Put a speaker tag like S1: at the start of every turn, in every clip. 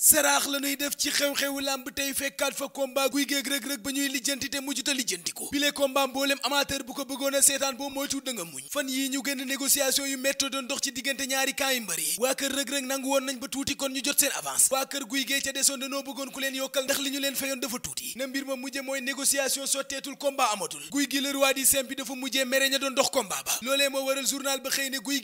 S1: saraax la nuy def ci xew-xewu làmb tey fekkaat fa combat guy géeg rëg-rëg ba ñuy lijjanti te mujjuta lijjanti ko bile combat mboolem amateur bu ko bëggoon a seetaan boo moytu da nga muñ fan yii ñu génn négociation yu métto doon dox ci diggante ñaari camps yi mbër yi waa kër rëg-rëg nangu woon nañ ba tuuti kon ñu jot seen avance waa kër guy géeg ca desoon danoo bëggoon ku leen yokkal ndax li ñu leen fayoon dafa tuuti na mbir ma mujje mooy négociation sotteetul combat amatul guy gi le roi di simpi dafa mujjee mere ña doon dox combat ba loolee moo waral journal ba xëy ne guy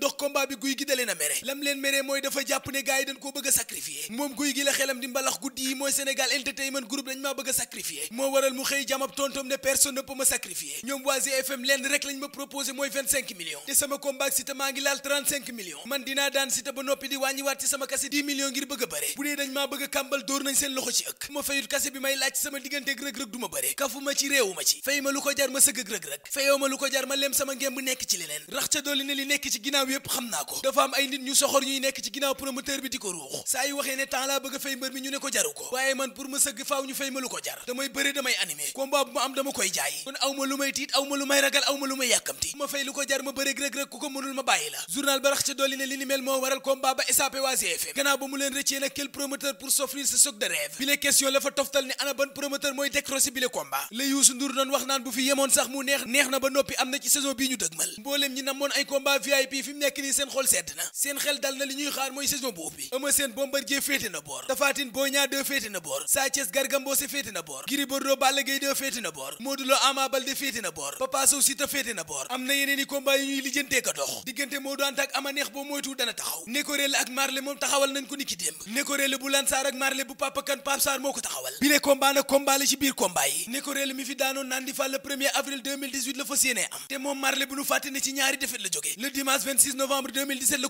S1: dox combat bi guy gi dalee na mere lam mere mooy dafa jàpp ne gars dañ koo bëgg a sacrifier moom guy gi la xelam di mbalax guddi yi mooy Sénégal Entertainment Group dañ maa bëgg a sacrifier moo waral mu xëy jamab tontom ne personne ne peut me sacrifier ñoom waa m lenn rek lañ ma proposé mooy 25 millions te sama combat Siteu maa ngi laal 35 millions man dinaa daan Siteu ba noppi di wàññiwaat ci sama kase 10 millions ngir bëgg a bëre bu dee dañ maa bëgg a kàmbal dóor nañ seen loxo ci ëkk ma fayut kase bi may laaj sama digganteeg rëg-rëg du ma bëre kafu ma ci réewu ma ko jar ma sëgg rëg-rëg ko jar ma lem sama ngémb nekk ci leneen rax ca dolli ne li nekk ci ginnaaw ko dafa am ay nit ñu yi nekk ci ginnaaw promoteur bi di ko ruux saa yu waxee ne temps laa bëgg a fay mbër mi ñu ne ko jaru ko waaye man pour ma sëgg faaw ñu fay ma lu ko jar damay bëre damay animé combat bu ma am dama koy jaay kon aw lu may tiit aw lu may ragal aw lu may yàkkamti ma fay lu ko jar ma bëre ku ko mënul ma bàyyi la journal ba rax ca dolli ne li ni mel moo waral combat ba SAP waa GFM gannaaw ba mu leen rëccee nag quel promoteur pour s'offrir ce choc de rêve li ñuy xaar mooy saison bu ubbi Eumeu Sène Bombardier féete na boor Tapha Tine Boy Niang 2 na boor Sa Thiès Garga Mbossé na boor Gris Bordeaux Balla Gaye 2 na boor Modou Lo Ama Baldé féete na boor Papa Sow Siteu féete na boor am na yeneen i combat yu ñuy lijjantee ka dox diggante Modou Anta ak Ama Neex boo moytu dana taxaw Nekorel ak Marley moom taxawal nañ ko niki démb Nekorel bu Lansar ak Marley bu Papa Kan Pape moo ko taxawal bi le combat nag combat la ci biir combat yi Nekorel mi fi daanoon naan di fal le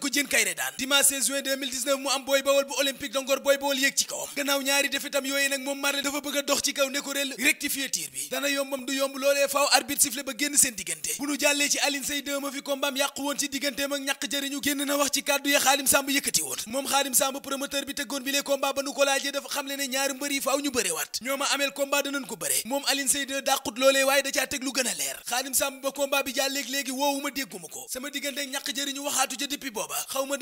S1: 1er dimanche 16 mu am booy bawol bu olympique de booy bawol yéeg ci kawam gannaaw ñaari defetam yooyu nag moom Marley dafa bëgg dox ci kaw ne ko réel rectifier bi dana yombam du yomb loolee faaw arbitre sifflé ba génn seen diggante bu nu jàllee ci Aline Sey ma fi kombaam yàqu woon ci digganteem ak ñàkk jëriñu génn na wax ci kàddu ya Xaadim Sàmb yëkkati woon moom Xaadim Sàmb promoteur bi tëggoon bi lee combat ba nu ko laajee dafa xam le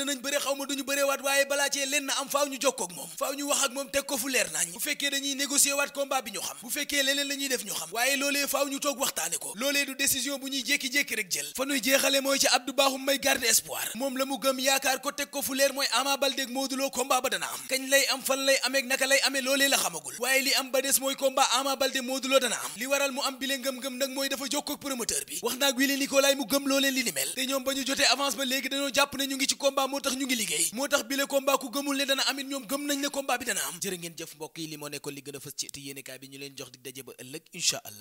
S1: ne bëre xaw ma duñu waat waaye balaa cee leen am faaw ñu jokkoo ak moom faaw ñu wax ak moom teg ko fu leer nañ bu fekkee dañuy négocier waat combat bi ñu xam bu fekkee leneen la def ñu xam waaye loolee faaw ñu toog waxtaane ko loolee du décision bu ñuy jékki-jékki rek jël fa nuy jeexale mooy ci Abdou Bakhoum may garde espoir moom la mu gëm yaakaar ko teg ko fu leer mooy Ama Baldé ak Modou ba dana am kañ lay am fan lay amee naka lay amee loolee la xamagul waaye li ba des mooy combat Ama mu am bile ngëm-ngëm nag mooy dafa jokkoo ak promoteur ñu jotee avance ñu ngi liggéey moo tax bi le combat ku gëmul ne dana amit ñoom gëm nañ ne combat bi dana am jërë ngeen jëf mbokk yi li moo nekkoon li gën a fës ci yéenekaay bi ñu leen jox di daje ba ëllëg incha allah